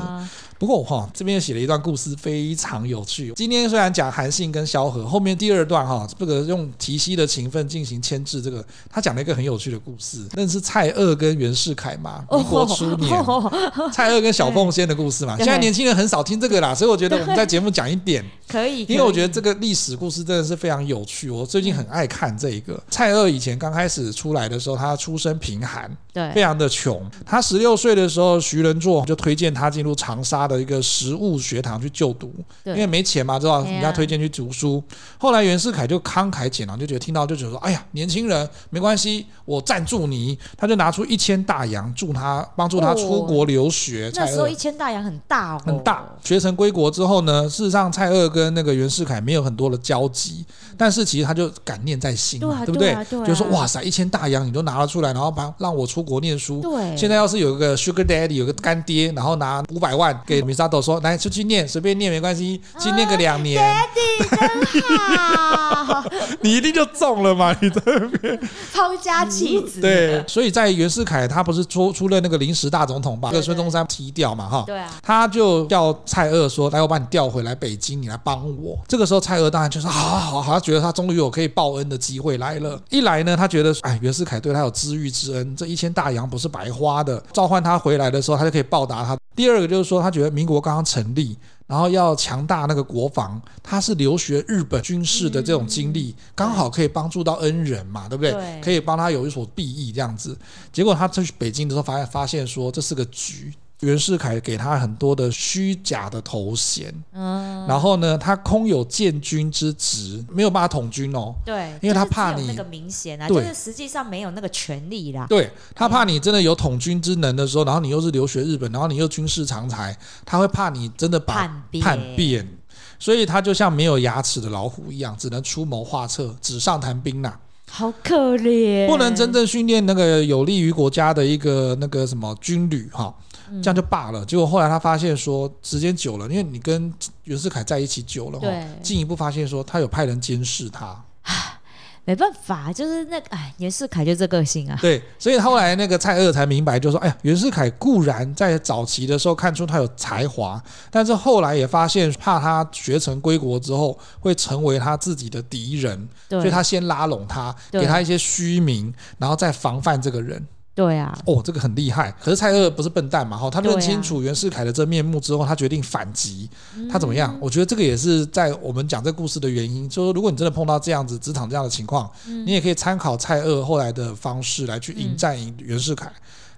不過我哈，這邊又寫了一段故事，非常有趣。今天雖然講韓信跟蕭何，後面第二段哈，這個用提攜的情分進行牽制。這個他講了一個很有趣的故事，那是蔡鍔跟袁世凱嘛，oh、民國初年，oh、蔡鍔跟小鳳仙的故事嘛。現在年輕人很少聽這個啦，所以我覺得我們在節目講一點可以，可以，因為我覺得這個歷史故事真的是非常有趣。我最近很愛看這個蔡鍔，以前剛開始出來的時候，他出身貧寒，對，非常的窮。他十六歲的時候，徐仁做就推薦他進入長沙的一個時務學堂去就讀，因為沒錢嘛，知道人家推薦去讀書、啊。後來袁世凱就慷慨解囊，就覺得聽到就覺得說：“哎呀，年輕人沒關係，我贊助你。”他就拿出一千大洋助他幫助他出國留學、哦蔡鍔。那時候一千大洋很大哦，很大。學成歸國之後呢，事實上蔡鍔跟那個袁世凱沒有很多的交集，但是其實他就感念在心嘛對、啊，對不對，對，、啊對啊？就說：“哇塞，一千大洋你都拿了出來，然後把讓我出國念書。”對，現在要是有一個 Sugar Daddy，有個乾爹，然後拿五百萬給。米沙都說：“來，出去念，隨便念沒關係，去念個兩年。哦” 你一定就中了嘛。你這邊拋家棄子、嗯，對。所以在袁世凱他不是出出任那個臨時大總統吧，把那個孫中山踢掉嘛？哈，對啊。他就叫蔡鍔說：“來，我把你調回來北京，你來幫我。”這個時候蔡鍔當然就說、是：“好好好，他覺得他終於有可以報恩的機會來了。一來呢，他覺得哎，袁世凱對他有知遇之恩，這一千大洋不是白花的。召喚他回來的時候，他就可以報答他。第二個就是說，他覺得。”民國剛剛成立，然後要強大那個國防，他是留學日本軍事的這種經歷、嗯，剛好可以幫助到恩人嘛，對不對，對？可以幫他有一所裨益這樣子。結果他去北京的時候，發現發現說這是個局。袁世凱給他很多的虛假的頭銜，嗯，然後呢，他空有建軍之職，沒有辦法統軍哦，對，因為他怕你、就是、那個明顯啊，就是實際上沒有那個權力啦，對他怕你真的有統軍之能的時候，然後你又是留學日本，然後你又軍事長才，他會怕你真的把叛變叛變，所以他就像沒有牙齒的老虎一樣，只能出謀劃策，紙上談兵吶、啊，好可憐，不能真正訓練那個有利於國家的一個那個什麼軍旅哈。這樣就罷了。結果後來他發現說，時間久了，因為你跟袁世凱在一起久了，哦，會進一步發現說他有派人監視他。沒辦法，就是那個，哎，袁世凱就這個性啊。對，所以後來那個蔡鍔才明白，就是說：“哎呀，袁世凱固然在早期的時候看出他有才華，但是後來也發現怕他學成歸國之後會成為他自己的敵人，所以他先拉攏他，給他一些虛名，然後再防範這個人。”對啊，哦，這個很厲害！可是蔡鍔不是笨蛋嘛，哈，他認清楚袁世凱的真面目之後，他決定反擊。他、啊、怎麼樣、嗯？我覺得這個也是在我們講這故事的原因。就說如果你真的碰到這樣子職場這樣的情況，嗯、你也可以參考蔡鍔後來的方式來去迎戰袁世凱。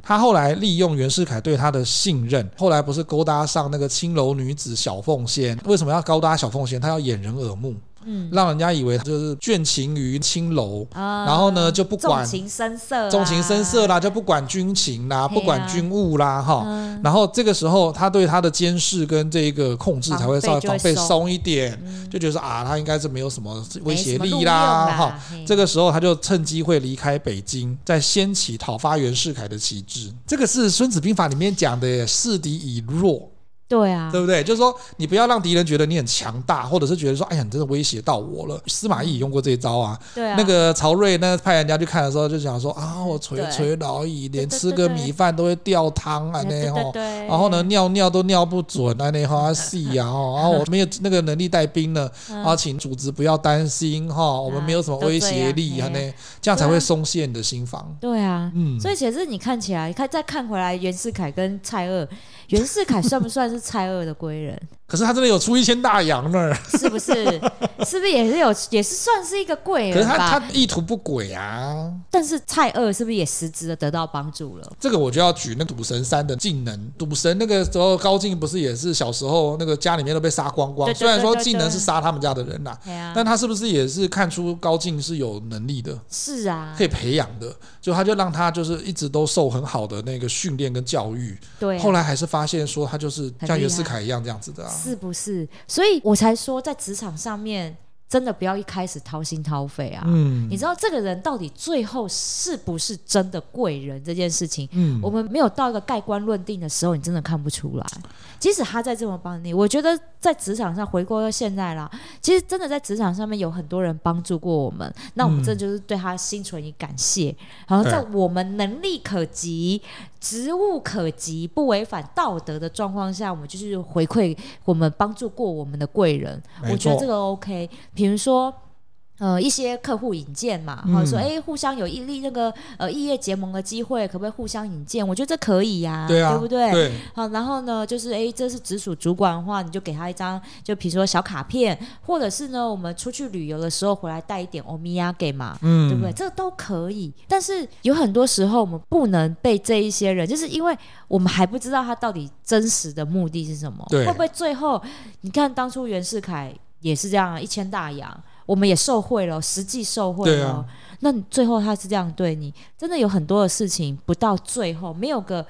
他、嗯、後來利用袁世凱對他的信任，後來不是勾搭上那個青樓女子小鳳仙？為什麼要勾搭小鳳仙？他要掩人耳目。嗯，讓人家以為他就是眷情於青樓、嗯，然後呢，就不管縱情聲色，縱情聲色、色啦，就不管軍情啦，啊、不管軍務啦，哈、嗯。然後這個時候，他對他的監視跟這個控制才會稍微防備鬆一點，就、就覺得啊，他應該是沒有什麼威脅力啦，啦哈。這個時候他就趁機會離開北京，再掀起討伐袁世凱的旗幟。這個是《孫子兵法》裡面講的“示敵以弱”。對啊，對不對？就是說，你不要讓敵人覺得你很強大，或者是覺得說，哎呀，你真的威脅到我了。司馬懿也用過這一招啊。對啊。那個曹睿呢，派人家去看的時候，就想說啊，啊，我垂垂，垂老矣，對對對對對，連吃個米飯都會掉湯啊那哈，對對對對對，然後呢，尿尿都尿不準啊那哈，是呀哦，啊啊 然後我沒有那個能力帶兵了啊， 請組織不要擔心哈、嗯啊哦，我們沒有什麼威脅力啊那、啊啊啊，這樣才會鬆懈你的心房心防。對啊，對啊嗯。所以其實你看起來，看再看回來，袁世凱跟蔡鍔。袁世凱算不算是蔡鍔的貴人？ 可是他真的有出一千大洋呢？是不是？是不是也是有也是算是一個貴人？可是他他意圖不軌啊！但是蔡鍔是不是也實質的得到幫助了？這個我就要舉那《賭神三》的技能，《賭神》那個時候高進不是也是小時候那個家裡面都被殺光光？對對對對對對，雖然說技能是殺他們家的人吶、啊，啊、但他是不是也是看出高進是有能力的？是啊，可以培養的。就他就讓他就是一直都受很好的那個訓練跟教育。對、啊。後來還是發現說他就是像袁世凱一樣這樣子的啊。是不是？所以我才說，在職場上面。真的不要一開始掏心掏肺啊！嗯，你知道這個人到底最後是不是真的貴人這件事情，嗯，我們沒有到一個蓋棺論定的時候，你真的看不出來。即使他再這麼幫你，我覺得在職場上回過到現在啦，其實真的在職場上面有很多人幫助過我們，那我們這就是對他心存以感謝。然、嗯、後在我們能力可及、職務可及、不違反道德的狀況下，我們就是回饋我們幫助過我們的貴人。我覺得這個 OK。比如說，呃，一些客戶引薦嘛，或者、嗯、說哎，互相有一例那個呃，異業結盟的機會，可不可以互相引薦？我覺得這可以呀，對啊，對不對？對。好，然後呢，就是哎，這是直屬主管的話，你就給他一張，就比如說小卡片，或者是呢，我們出去旅遊的時候回來帶一點歐米亞給嘛，嗯，對不對？這都可以。但是有很多時候，我們不能被這一些人，就是因為我們還不知道他到底真實的目的是什麼，對，會不會最後你看當初袁世凱。也是這樣，一千大洋，我們也受賄了，實際受賄了。啊，那你最後他是這樣對你，真的有很多的事情，不到最後沒有個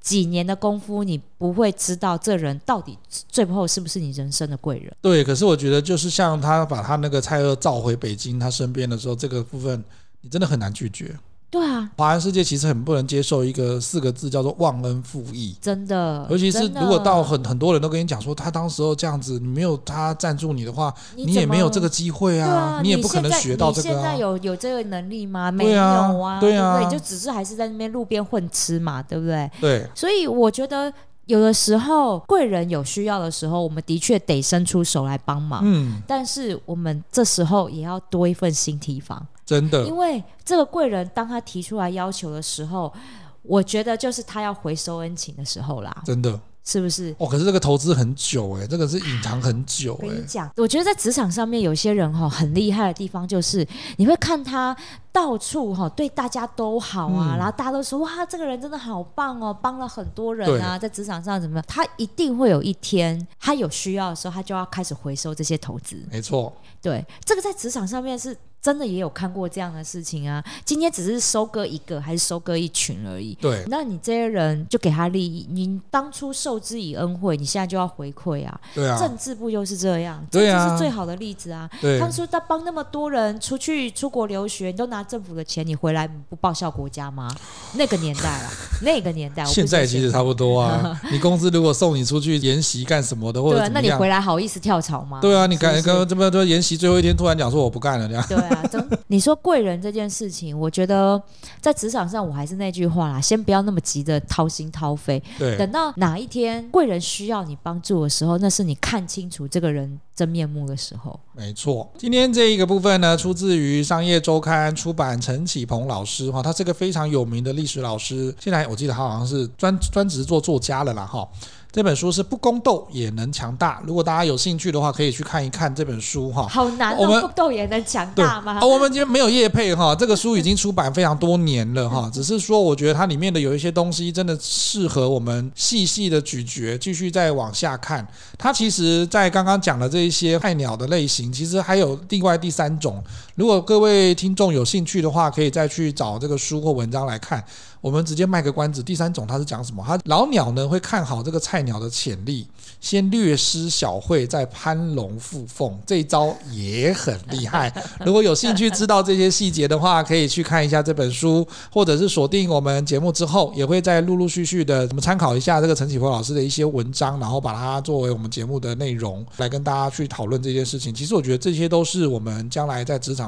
幾年的功夫，你不會知道這人到底最後是不是你人生的貴人。對，可是我覺得就是像他把他那個蔡鍔召回北京他身邊的時候，這個部分你真的很難拒絕。對啊，華人世界其實很不能接受一個四個字叫做忘恩負義，真的。尤其是如果到很很多人都跟你講說，他當時候這樣子，你沒有他贊助你的話你，你也沒有這個機會啊，啊你也不可能學到這個啊。你現在有有這個能力嗎？沒有啊，對啊，對啊，對啊，對不對？就只是還是在那邊路邊混吃嘛，對不對？對。所以我覺得。有的時候，貴人有需要的時候，我們的確得伸出手來幫忙。嗯，但是我們這時候也要多一份心提防，真的。因為這個貴人，當他提出來要求的時候，我覺得就是他要回收恩情的時候啦。真的。是不是？哦，可是這個投資很久哎、欸，這個是隱藏很久哎、欸啊。我跟你講，我覺得在職場上面，有些人哈很厲害的地方就是，你會看他到處哈對大家都好啊，嗯、然後大家都說哇，這個人真的好棒哦，幫了很多人啊，在職場上怎麼樣？他一定會有一天，他有需要的時候，他就要開始回收這些投資。沒錯，對，這個在職場上面是。真的也有看過這樣的事情啊！今天只是收割一個，還是收割一群而已。對，那你這些人就給他利益，你當初受之以恩惠，你現在就要回饋啊。對啊，政治部就是這樣，對、啊。這是最好的例子啊。當初、啊、他，他幫那麼多人出去出國留學，你都拿政府的錢，你回來不報效國家嗎？那個年代了、啊， 那個年代，現在其實差不多啊。 你公司如果送你出去研習幹什麼的，或者對、啊，那你回來好意思跳槽嗎？對啊，你剛剛是是剛這麼多研習最後一天突然講說，我不幹了這樣。對。 你說貴人這件事情，我覺得在職場上，我還是那句話啦，先不要那麼急着掏心掏肺，對，等到哪一天貴人需要你幫助的時候，那是你看清楚這個人真面目的時候。沒錯，今天這一個部分呢，出自於《商業周刊》出版陳啟鵬老師哈，他是個非常有名的歷史老師，現在我記得他好像是專專職做作家了啦哈。這本書是不宮鬥也能強大，如果大家有興趣的話，可以去看一看這本書哈。好難，我們不鬥也能強大嗎？ 我們今天沒有業配哈。這個書已經出版非常多年了哈，只是說我覺得它裡面的有一些東西真的適合我們細細的咀嚼，繼續再往下看。它其實在剛剛講的這一些菜鳥的類型，其實還有另外第三種。如果各位聽眾有興趣的話，可以再去找這個書或文章來看。我們直接賣個關子，第三種他是講什麼？他老鳥呢會看好這個菜鳥的潛力，先略施小惠，再攀龍附鳳，這一招也很厲害。 如果有興趣知道這些細節的話，可以去看一下這本書，或者是鎖定我們節目之後，也會再陸陸續續的我們參考一下這個陳啟波老師的一些文章，然後把它作為我們節目的內容來跟大家去討論這些事情。其實我覺得這些都是我們將來在職場。